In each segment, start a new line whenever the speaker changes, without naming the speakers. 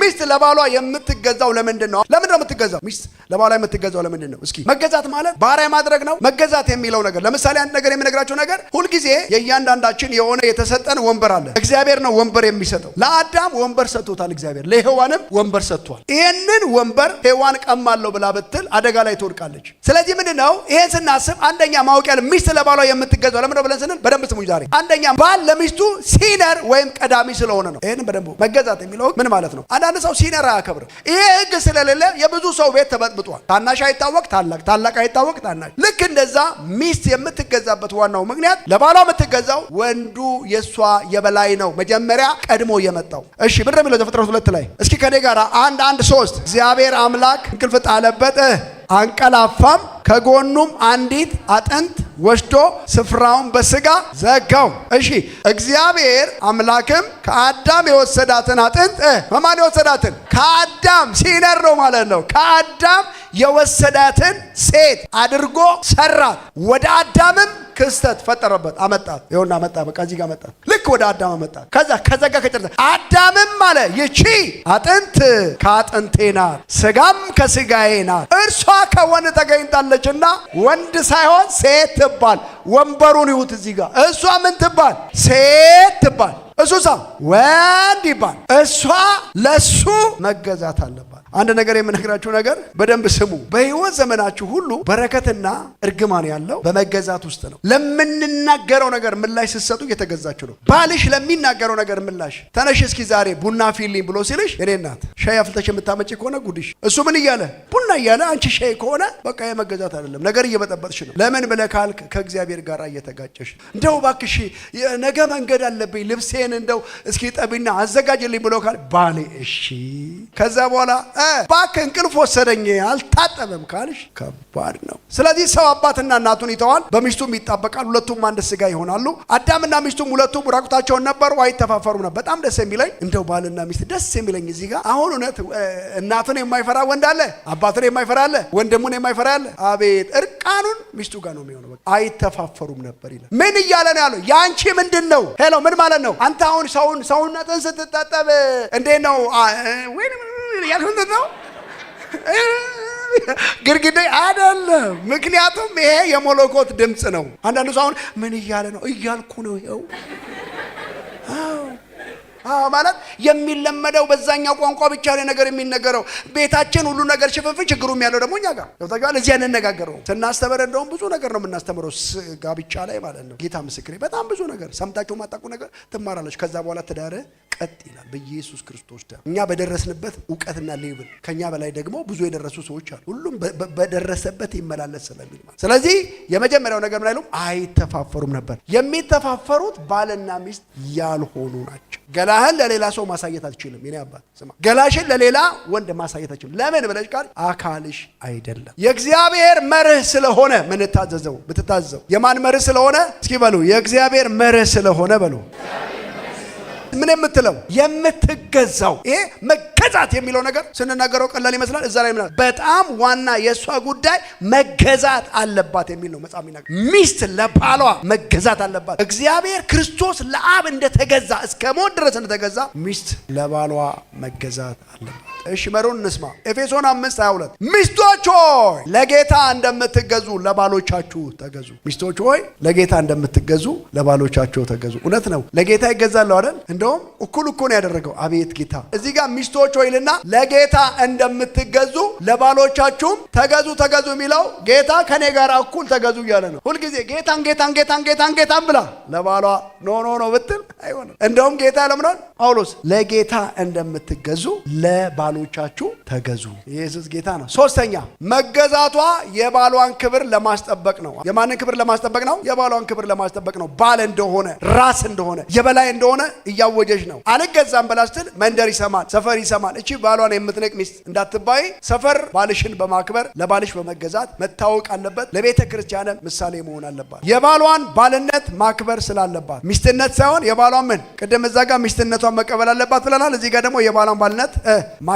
ሚስት ለባሏ የምትገዛው ለምንድን ነው? ለምንድን ነው የምትገዛው? ሚስት ለባሏ የምትገዛው ለምንድን ነው? እስኪ መገዛት ማለት ባሪያ ማድረግ ነው። መገዛት የሚለው ነገር ለምሳሌ አንድ ነገር የምነግራቸው ነገር ሁልጊዜ የእያንዳንዳችን የሆነ የተሰጠን ወንበር አለ። እግዚአብሔር ነው ወንበር የሚሰጠው። ለአዳም ወንበር ሰጥቶታል እግዚአብሔር፣ ለሔዋንም ወንበር ሰጥቷል። ይህንን ወንበር ሔዋን ቀማለሁ ብላ ብትል አደጋ ላይ ትወድቃለች። ስለዚህ ምንድን ነው ይሄን ስናስብ አንደኛ ማወቅ ያለ ሚስት ለባሏ የምትገዛው ለምንድን ነው ብለን ስንል በደንብ ስሙኝ ዛሬ። አንደኛ ባል ለሚስቱ ሲነር ወይም ቀዳሚ ስለሆነ ነው። ይህን በደንብ መገዛት የሚለው ምን ማለት ነው? አንዳንድ ሰው ሲነራ አያከብርም። ይሄ ህግ ስለሌለ የብዙ ሰው ቤት ተበጥብጧል። ታናሽ አይታወቅ ታላቅ፣ ታላቅ አይታወቅ ታናሽ። ልክ እንደዛ ሚስት የምትገዛበት ዋናው ምክንያት ለባሏ የምትገዛው ወንዱ የእሷ የበላይ ነው፣ መጀመሪያ ቀድሞ የመጣው። እሺ ምንድነው የሚለው ዘፍጥረት ሁለት ላይ እስኪ ከኔ ጋር አንድ አንድ ሶስት እግዚአብሔር አምላክ እንቅልፍ ጣለበት፣ አንቀላፋም፣ ከጎኑም አንዲት አጥንት ወስዶ ስፍራውን በስጋ ዘጋው። እሺ እግዚአብሔር አምላክም ከአዳም የወሰዳትን አጥንት በማን የወሰዳትን ከአዳም ሲነር ነው ማለት ነው። ከአዳም የወሰዳትን ሴት አድርጎ ሰራት። ወደ አዳምም ክስተት ፈጠረበት፣ አመጣት። ይሁን አመጣ፣ በቃ እዚህ ጋር አመጣት። ልክ ወደ አዳም አመጣት። ከዛ ከዘጋ ከጨረሰ አዳምም አለ ይቺ አጥንት ከአጥንቴ ናት፣ ስጋም ከስጋዬ ናት እርሶ ከወን ተገኝታለች እና ወንድ ሳይሆን ሴት ትባል። ወንበሩን ይሁት እዚህ ጋር እሷ ምን ትባል? ሴት ትባል። እሱ ሳ ወንድ ይባል። እሷ ለሱ መገዛት አለባት። አንድ ነገር የምነግራችሁ ነገር በደንብ ስሙ። በህይወት ዘመናችሁ ሁሉ በረከትና እርግማን ያለው በመገዛት ውስጥ ነው። ለምንናገረው ነገር ምላሽ ስትሰጡ እየተገዛችሁ ነው። ባልሽ ለሚናገረው ነገር ምላሽ ተነሽ እስኪ ዛሬ ቡና ፊልኝ ብሎ ሲልሽ፣ እኔ እናት ሻይ አፍልተሽ የምታመጪ ከሆነ ጉድሽ። እሱ ምን እያለ ቀና እያለ አንቺ ሸይ ከሆነ በቃ የመገዛት አይደለም ነገር እየበጠበጥሽ ነው። ለምን ብለህ ካልክ ከእግዚአብሔር ጋር እየተጋጨሽ እንደው እባክሽ ነገ መንገድ አለብኝ ልብሴን እንደው እስኪ ጠቢና አዘጋጅልኝ ብሎ ካል ባሌ እሺ፣ ከዛ በኋላ እባክህ እንቅልፍ ወሰደኝ አልታጠበም ካልሽ ከባድ ነው። ስለዚህ ሰው አባትና እናቱን ይተዋል፣ በሚስቱም ይጣበቃል፣ ሁለቱም አንድ ስጋ ይሆናሉ። አዳምና ሚስቱም ሁለቱም ራቁታቸውን ነበሩ፣ አይተፋፈሩም ነበር። በጣም ደስ የሚለኝ እንደው ባልና ሚስት ደስ የሚለኝ እዚህ ጋር አሁን እውነት እናትን የማይፈራ ወንድ አለ አባትን ጠላትን የማይፈራ አለ፣ ወንድሙን የማይፈራ አለ። አቤት እርቃኑን ሚስቱ ጋር ነው የሚሆነው። በቃ አይተፋፈሩም ነበር ይላል። ምን እያለ ነው ያለው? ያንቺ ምንድን ነው? ሄሎ ምን ማለት ነው? አንተ አሁን ሰውን ሰውነትን ስትታጠብ እንዴት ነው ወይ ያልሁንት ነው ግርግዴ አይደለም። ምክንያቱም ይሄ የሞለኮት ድምፅ ነው። አንዳንዱ ሰው አሁን ምን እያለ ነው? እያልኩ ነው ይኸው ማለት የሚለመደው በዛኛው ቋንቋ ብቻ ነው ነገር የሚነገረው ቤታችን ሁሉ ነገር ሽፍንፍን፣ ችግሩም ያለው ደግሞ እኛ ጋር ገብታችኋል። እዚህ አንነጋገረው ስናስተምር፣ እንደውም ብዙ ነገር ነው የምናስተምረው ጋብቻ ላይ ማለት ነው። ጌታ ምስክሬ፣ በጣም ብዙ ነገር ሰምታችሁ ማጣቁ ነገር ትማራለች። ከዛ በኋላ ትዳር ቀጥ ይላል በኢየሱስ ክርስቶስ ደም። እኛ በደረስንበት እውቀትና ሌብል ከኛ በላይ ደግሞ ብዙ የደረሱ ሰዎች አሉ። ሁሉም በደረሰበት ይመላለስ ስለሚል ማለት ስለዚህ የመጀመሪያው ነገር ምን አይሉም አይተፋፈሩም ነበር። የሚተፋፈሩት ባልና ሚስት ያልሆኑ ናቸው ገላ ገላህን ለሌላ ሰው ማሳየት አትችልም። የኔ አባት ስማ፣ ገላሽን ለሌላ ወንድ ማሳየት አትችልም። ለምን ብለሽ ቃል አካልሽ አይደለም። የእግዚአብሔር መርህ ስለሆነ ምንታዘዘው ብትታዘዘው የማን መርህ ስለሆነ እስኪ በሉ የእግዚአብሔር መርህ ስለሆነ በሉ ምን የምትለው የምትገዛው። ይሄ መገዛት የሚለው ነገር ስንናገረው ቀላል ይመስላል። እዛ ላይ በጣም ዋና የእሷ ጉዳይ መገዛት አለባት የሚል ነው መጽሐፍ የሚናገር። ሚስት ለባሏ መገዛት አለባት። እግዚአብሔር ክርስቶስ ለአብ እንደተገዛ እስከ ሞት ድረስ እንደተገዛ ሚስት ለባሏ መገዛት አለባት። እሺ መሩን እንስማ። ኤፌሶን 5 22 ሚስቶች ሆይ ለጌታ እንደምትገዙ ለባሎቻችሁ ተገዙ። ሚስቶች ሆይ ለጌታ እንደምትገዙ ለባሎቻችሁ ተገዙ። እውነት ነው፣ ለጌታ ይገዛሉ አይደል? እንደውም እኩል እኮ ነው ያደረገው። አቤት ጌታ! እዚህ ጋር ሚስቶች ሆይ ልና ለጌታ እንደምትገዙ ለባሎቻችሁም ተገዙ ተገዙ የሚለው ጌታ ከኔ ጋር እኩል ተገዙ እያለ ነው። ሁልጊዜ ጌታን ጌታን ጌታን ጌታን ጌታን ብላ ለባሏ ኖ ኖ ኖ ብትል አይሆንም። እንደውም ጌታ ለምናል ጳውሎስ ለጌታ እንደምትገዙ ለባ ለባሎቻችሁ ተገዙ። ኢየሱስ ጌታ ነው። ሶስተኛ መገዛቷ የባሏን ክብር ለማስጠበቅ ነው። የማንን ክብር ለማስጠበቅ ነው? የባሏን ክብር ለማስጠበቅ ነው። ባል እንደሆነ ራስ እንደሆነ የበላይ እንደሆነ እያወጀች ነው። አልገዛም ብላ ስትል መንደር ይሰማል፣ ሰፈር ይሰማል። እቺ ባሏን የምትነቅ ሚስት እንዳትባይ፣ ሰፈር ባልሽን በማክበር ለባልሽ በመገዛት መታወቅ አለበት። ለቤተ ክርስቲያንም ምሳሌ መሆን አለባት። የባሏን ባልነት ማክበር ስላለባት ሚስትነት ሳይሆን የባሏን ምን ቅድም እዛ ጋር ሚስትነቷን መቀበል አለባት ብለናል። እዚህ ጋር ደግሞ የባሏን ባልነት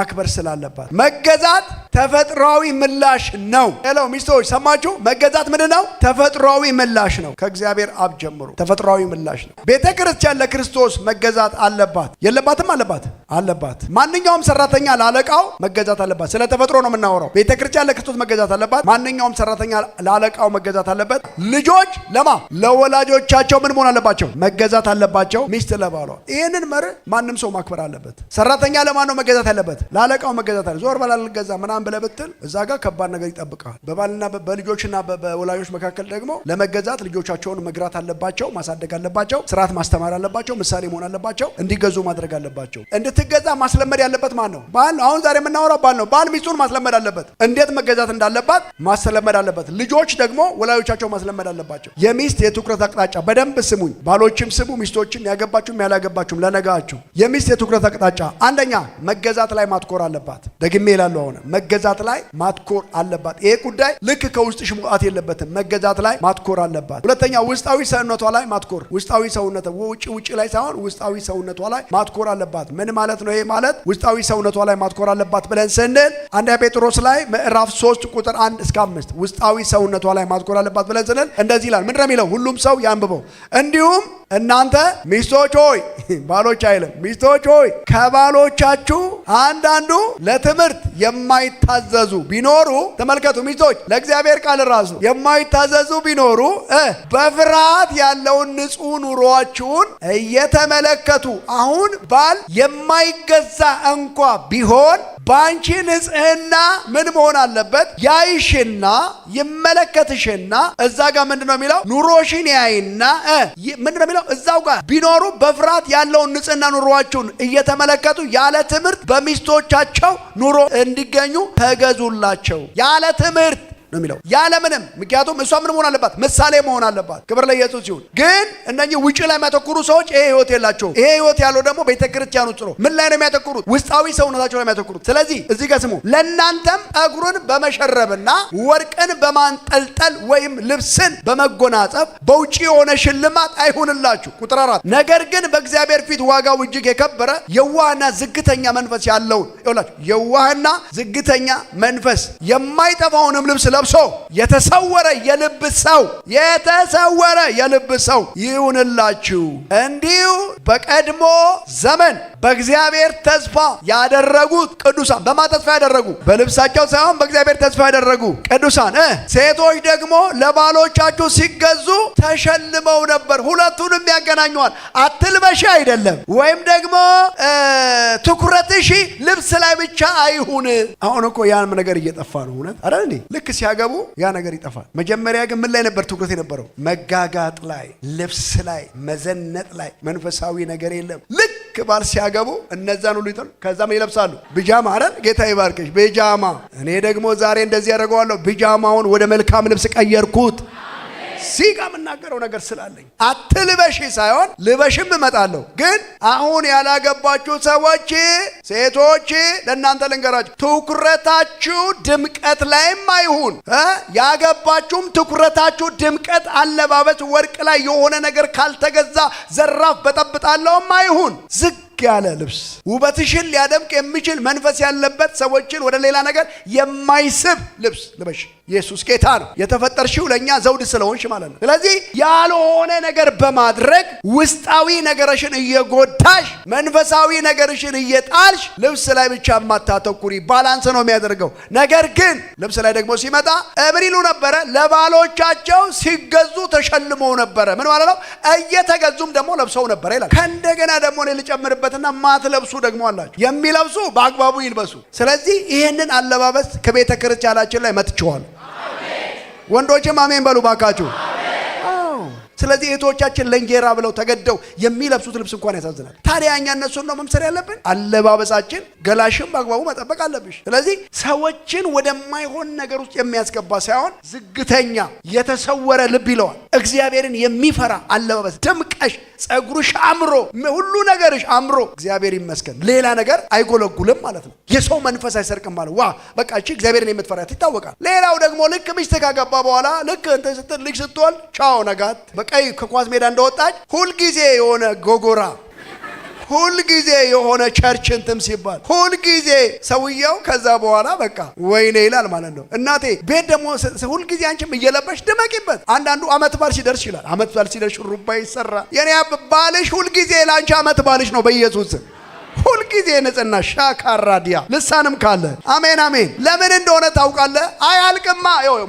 ማክበር ስላለባት መገዛት ተፈጥሯዊ ምላሽ ነው። ለው ሚስቶች ሰማችሁ? መገዛት ምንድን ነው? ተፈጥሯዊ ምላሽ ነው። ከእግዚአብሔር አብ ጀምሮ ተፈጥሯዊ ምላሽ ነው። ቤተ ክርስቲያን ለክርስቶስ መገዛት አለባት። የለባትም? አለባት፣ አለባት። ማንኛውም ሰራተኛ ለአለቃው መገዛት አለባት። ስለ ተፈጥሮ ነው የምናወራው። ቤተ ክርስቲያን ለክርስቶስ መገዛት አለባት። ማንኛውም ሰራተኛ ለአለቃው መገዛት አለበት። ልጆች ለማ ለወላጆቻቸው ምን መሆን አለባቸው? መገዛት አለባቸው። ሚስት ለባሏ። ይህንን መርህ ማንም ሰው ማክበር አለበት። ሰራተኛ ለማን ነው መገዛት ያለበት? ለአለቃው መገዛት አለ። ዞር በላ ልገዛ ምናምን ብለህ ብትል እዛ ጋር ከባድ ነገር ይጠብቃል። በባልና በልጆችና በወላጆች መካከል ደግሞ ለመገዛት ልጆቻቸውን መግራት አለባቸው፣ ማሳደግ አለባቸው፣ ስርዓት ማስተማር አለባቸው፣ ምሳሌ መሆን አለባቸው፣ እንዲገዙ ማድረግ አለባቸው። እንድትገዛ ማስለመድ ያለበት ማን ነው? ባል ነው። አሁን ዛሬ የምናወራው ባል ነው። ባል ሚስቱን ማስለመድ አለበት፣ እንዴት መገዛት እንዳለባት ማስለመድ አለበት። ልጆች ደግሞ ወላጆቻቸው ማስለመድ አለባቸው። የሚስት የትኩረት አቅጣጫ በደንብ ስሙኝ፣ ባሎችም ስሙ፣ ሚስቶችም ያገባችሁም ያላገባችሁም ለነጋችሁ። የሚስት የትኩረት አቅጣጫ አንደኛ መገዛት ላይ ማ ማትኮር አለባት። ደግሜ ይላሉ አሁን መገዛት ላይ ማትኮር አለባት። ይሄ ጉዳይ ልክ ከውስጥሽ ሙቀት የለበትም። መገዛት ላይ ማትኮር አለባት። ሁለተኛ ውስጣዊ ሰውነቷ ላይ ማትኮር፣ ውስጣዊ ሰውነት ውጭ ውጭ ላይ ሳይሆን ውስጣዊ ሰውነቷ ላይ ማትኮር አለባት። ምን ማለት ነው? ይሄ ማለት ውስጣዊ ሰውነቷ ላይ ማትኮር አለባት ብለን ስንል አንደኛ ጴጥሮስ ላይ ምዕራፍ 3 ቁጥር 1 እስከ 5 ውስጣዊ ሰውነቷ ላይ ማትኮር አለባት ብለን ስንል እንደዚህ ይላል። ምንድነው የሚለው? ሁሉም ሰው ያንብበው። እንዲሁም እናንተ ሚስቶች ሆይ ባሎች አይልም፣ ሚስቶች ሆይ ከባሎቻችሁ አንዳ አንዱ ለትምህርት የማይታዘዙ ቢኖሩ ተመልከቱ፣ ሚስቶች ለእግዚአብሔር ቃል ራሱ የማይታዘዙ ቢኖሩ በፍርሃት ያለውን ንጹሕ ኑሯችሁን እየተመለከቱ አሁን ባል የማይገዛ እንኳ ቢሆን ባንቺ ንጽህና ምን መሆን አለበት? ያይሽና ይመለከትሽና እዛ ጋር ምንድን ነው የሚለው? ኑሮሽን ያይና ምንድን ነው የሚለው? እዛው ጋር ቢኖሩ በፍርሃት ያለውን ንጽህና ኑሯችሁን እየተመለከቱ ያለ ትምህርት በሚስቶቻቸው ኑሮ እንዲገኙ ተገዙላቸው። ያለ ትምህርት ነው የሚለው ያለምንም። ምክንያቱም እሷ ምን መሆን አለባት? ምሳሌ መሆን አለባት። ክብር ለኢየሱስ ይሁን። ግን እነኚህ ውጭ ላይ የሚያተኩሩ ሰዎች ይሄ ህይወት የላቸውም። ይሄ ህይወት ያለው ደግሞ ቤተ ውስጥ ነው። ምን ላይ ነው የሚያተኩሩት? ውስጣዊ ሰውነታቸው ላይ የሚያተኩሩት። ስለዚህ እዚህ ጋር ስሙ፣ ለእናንተም ጠጉርን በመሸረብና ወርቅን በማንጠልጠል ወይም ልብስን በመጎናጸፍ በውጭ የሆነ ሽልማት አይሁንላችሁ። ቁጥር አራት ነገር ግን በእግዚአብሔር ፊት ዋጋው እጅግ የከበረ የዋህና ዝግተኛ መንፈስ ያለውን ይውላችሁ የዋህና ዝግተኛ መንፈስ የማይጠፋውንም ልብስ ለብ ለብሶ የተሰወረ የልብ ሰው የተሰወረ የልብ ሰው ይሁንላችሁ። እንዲሁ በቀድሞ ዘመን በእግዚአብሔር ተስፋ ያደረጉት ቅዱሳን በማ ተስፋ ያደረጉ በልብሳቸው ሳይሆን በእግዚአብሔር ተስፋ ያደረጉ ቅዱሳን ሴቶች ደግሞ ለባሎቻችሁ ሲገዙ ተሸልመው ነበር። ሁለቱንም ያገናኘዋል። አትልበሺ አይደለም፣ ወይም ደግሞ ትኩረትሽ ልብስ ላይ ብቻ አይሁን። አሁን እኮ ያንም ነገር እየጠፋ ነው። እውነት አረ ልክ ሲያገቡ ያ ነገር ይጠፋል። መጀመሪያ ግን ምን ላይ ነበር ትኩረት የነበረው? መጋጋጥ ላይ፣ ልብስ ላይ፣ መዘነጥ ላይ መንፈሳዊ ነገር የለም። ልክ ባል ሲያገቡ እነዛን ሁሉ ይጠሉ። ከዛም ይለብሳሉ ብጃማ አረን ጌታ ይባርክሽ። ብጃማ እኔ ደግሞ ዛሬ እንደዚህ ያደርገዋለሁ። ብጃማውን ወደ መልካም ልብስ ቀየርኩት። እዚህ ጋር የምናገረው ነገር ስላለኝ አትልበሽ ሳይሆን ልበሽም እመጣለሁ። ግን አሁን ያላገባችሁ ሰዎች ሴቶች ለእናንተ ልንገራችሁ፣ ትኩረታችሁ ድምቀት ላይም አይሁን። ያገባችሁም ትኩረታችሁ ድምቀት፣ አለባበስ፣ ወርቅ ላይ የሆነ ነገር ካልተገዛ ዘራፍ በጠብጣለውም አይሁን ዝግ ያለ ልብስ ውበትሽን ሊያደምቅ የሚችል መንፈስ ያለበት ሰዎችን ወደ ሌላ ነገር የማይስብ ልብስ ልበሽ። ኢየሱስ ጌታ ነው። የተፈጠርሽው ለእኛ ዘውድ ስለሆንሽ ማለት ነው። ስለዚህ ያልሆነ ነገር በማድረግ ውስጣዊ ነገርሽን እየጎዳሽ መንፈሳዊ ነገርሽን እየጣልሽ ልብስ ላይ ብቻ የማታተኩሪ ባላንስ ነው የሚያደርገው። ነገር ግን ልብስ ላይ ደግሞ ሲመጣ እብሪሉ ነበረ ለባሎቻቸው ሲገዙ ተሸልመው ነበረ። ምን ማለት ነው? እየተገዙም ደግሞ ለብሰው ነበረ ይላል። ከእንደገና ደግሞ እኔ ልጨምርበት ያለበትና ማትለብሱ ደግሞ አላችሁ። የሚለብሱ በአግባቡ ይልበሱ። ስለዚህ ይህንን አለባበስ ከቤተ ክርስቲያናችን ላይ መትችዋል። ወንዶችም አሜን በሉ ባካችሁ። ስለዚህ እህቶቻችን ለንጌራ ብለው ተገደው የሚለብሱት ልብስ እንኳን ያሳዝናል። ታዲያ እኛ እነሱን ነው መምሰል ያለብን? አለባበሳችን፣ ገላሽም በአግባቡ መጠበቅ አለብሽ። ስለዚህ ሰዎችን ወደማይሆን ነገር ውስጥ የሚያስገባ ሳይሆን ዝግተኛ፣ የተሰወረ ልብ ይለዋል እግዚአብሔርን የሚፈራ አለባበስ። ድምቀሽ፣ ጸጉርሽ አምሮ፣ ሁሉ ነገርሽ አምሮ እግዚአብሔር ይመስገን፣ ሌላ ነገር አይጎለጉልም ማለት ነው። የሰው መንፈስ አይሰርቅም ማለት ዋ፣ በቃ እቺ እግዚአብሔርን የምትፈራት ይታወቃል። ሌላው ደግሞ ልክ ሚስት ካገባ በኋላ ልክ እንትን ስትል ልጅ ስትሆን ቻው ነጋት በቀይ ከኳስ ሜዳ እንደወጣች ሁልጊዜ የሆነ ጎጎራ ሁልጊዜ የሆነ ቸርች እንትም ሲባል ሁልጊዜ ሰውየው ከዛ በኋላ በቃ ወይኔ ይላል ማለት ነው። እናቴ ቤት ደግሞ ሁልጊዜ አንቺም እየለበሽ ድመቂበት። አንዳንዱ አመት ባል ሲደርስ ይላል። አመት ባል ሲደርስ ሹሩባ ይሰራ። የኔ ባልሽ ሁልጊዜ ለአንቺ አመት ባልሽ ነው በኢየሱስም ሁልጊዜ ንጽህና ሻካራዲያ ልሳንም ካለ አሜን አሜን። ለምን እንደሆነ ታውቃለህ? አያልቅማ።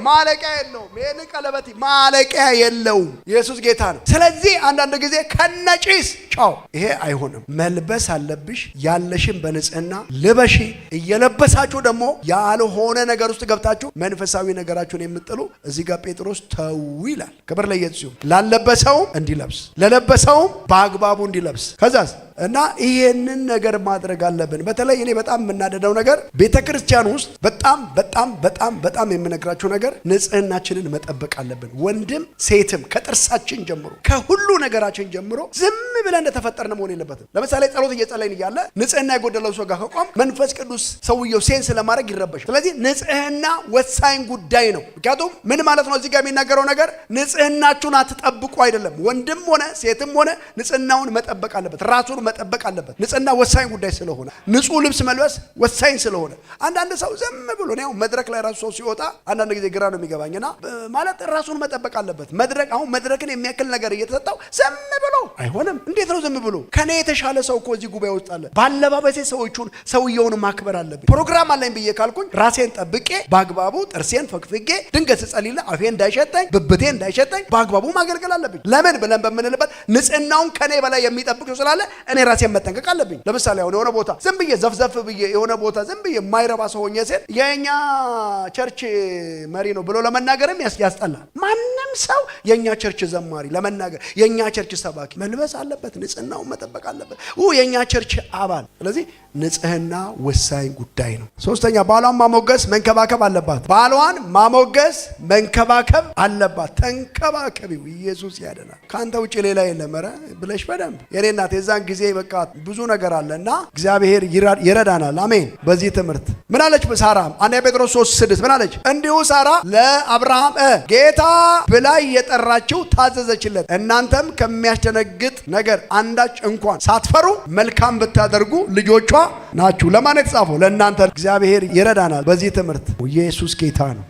ማለቂያ የለውም። ይህን ቀለበት ማለቂያ የለውም። ኢየሱስ ጌታ ነው። ስለዚህ አንዳንድ ጊዜ ከነጪስ ጫው ይሄ አይሆንም። መልበስ አለብሽ። ያለሽን በንጽህና ልበሽ። እየለበሳችሁ ደግሞ ያልሆነ ነገር ውስጥ ገብታችሁ መንፈሳዊ ነገራችሁን የምጥሉ እዚህ ጋር ጴጥሮስ ተው ይላል። ክብር ለየት ይሁን። ላለበሰውም እንዲለብስ ለለበሰውም በአግባቡ እንዲለብስ ከዛስ እና ይሄንን ነገር ማድረግ አለብን። በተለይ እኔ በጣም የምናደደው ነገር ቤተ ክርስቲያን ውስጥ በጣም በጣም በጣም በጣም የምነግራችሁ ነገር ንጽህናችንን መጠበቅ አለብን። ወንድም ሴትም ከጥርሳችን ጀምሮ ከሁሉ ነገራችን ጀምሮ ዝም ብለን እንደተፈጠርን መሆን የለበትም። ለምሳሌ ጸሎት እየጸለይን እያለ ንጽህና የጎደለው ሰው ጋር ከቆም መንፈስ ቅዱስ ሰውየው ሴንስ ለማድረግ ይረበሻል። ስለዚህ ንጽህና ወሳኝ ጉዳይ ነው። ምክንያቱም ምን ማለት ነው እዚህ ጋር የሚናገረው ነገር ንጽህናችሁን አትጠብቁ አይደለም። ወንድም ሆነ ሴትም ሆነ ንጽህናውን መጠበቅ አለበት ራሱን መጠበቅ አለበት። ንጽህና ወሳኝ ጉዳይ ስለሆነ ንጹህ ልብስ መልበስ ወሳኝ ስለሆነ አንዳንድ ሰው ዝም ብሎ ያው መድረክ ላይ ራሱ ሰው ሲወጣ አንዳንድ ጊዜ ግራ ነው የሚገባኝና ማለት ራሱን መጠበቅ አለበት። መድረክ አሁን መድረክን የሚያክል ነገር እየተሰጣው ዝም ብሎ አይሆንም። እንዴት ነው ዝም ብሎ? ከኔ የተሻለ ሰው እኮ እዚህ ጉባኤ ውስጥ አለ። ባለባበሴ ሰዎቹን ሰውየውን ማክበር አለብኝ። ፕሮግራም አለኝ ብዬ ካልኩኝ ራሴን ጠብቄ በአግባቡ ጥርሴን ፈግፍጌ ድንገት ስጸልይለ አፌ እንዳይሸጠኝ ብብቴ እንዳይሸጠኝ በአግባቡ ማገልገል አለብኝ። ለምን ብለን በምንልበት ንጽህናውን ከኔ በላይ የሚጠብቅ ስላለ እኔ ራሴን መጠንቀቅ አለብኝ። ለምሳሌ አሁን የሆነ ቦታ ዝም ብዬ ዘፍዘፍ ብዬ የሆነ ቦታ ዝም ብዬ የማይረባ ሰው ሆኜ ሴት የእኛ ቸርች መሪ ነው ብሎ ለመናገርም ያስጠላል። ማንም ሰው የእኛ ቸርች ዘማሪ ለመናገር የእኛ ቸርች ሰባኪ መልበስ አለበት፣ ንጽህናውን መጠበቅ አለበት፣ የእኛ ቸርች አባል። ስለዚህ ንጽህና ወሳኝ ጉዳይ ነው። ሶስተኛ ባሏን ማሞገስ መንከባከብ አለባት። ባሏን ማሞገስ መንከባከብ አለባት። ተንከባከቢው፣ ኢየሱስ ያደናል። ከአንተ ውጭ ሌላ የለም። ኧረ ብለሽ በደንብ የኔ እናት የዛን ጊዜ በቃ ብዙ ነገር አለ እና እግዚአብሔር ይረዳናል። አሜን። በዚህ ትምህርት ምን አለች ሳራ? አንደኛ ጴጥሮስ 3 6 ምን አለች? እንዲሁ ሳራ ለአብርሃም ጌታ ብላ የጠራችው ታዘዘችለት። እናንተም ከሚያስደነግጥ ነገር አንዳች እንኳን ሳትፈሩ መልካም ብታደርጉ ልጆቿ ናችሁ። ለማን የተጻፈው? ለእናንተ። እግዚአብሔር ይረዳናል። በዚህ ትምህርት ኢየሱስ ጌታ ነው።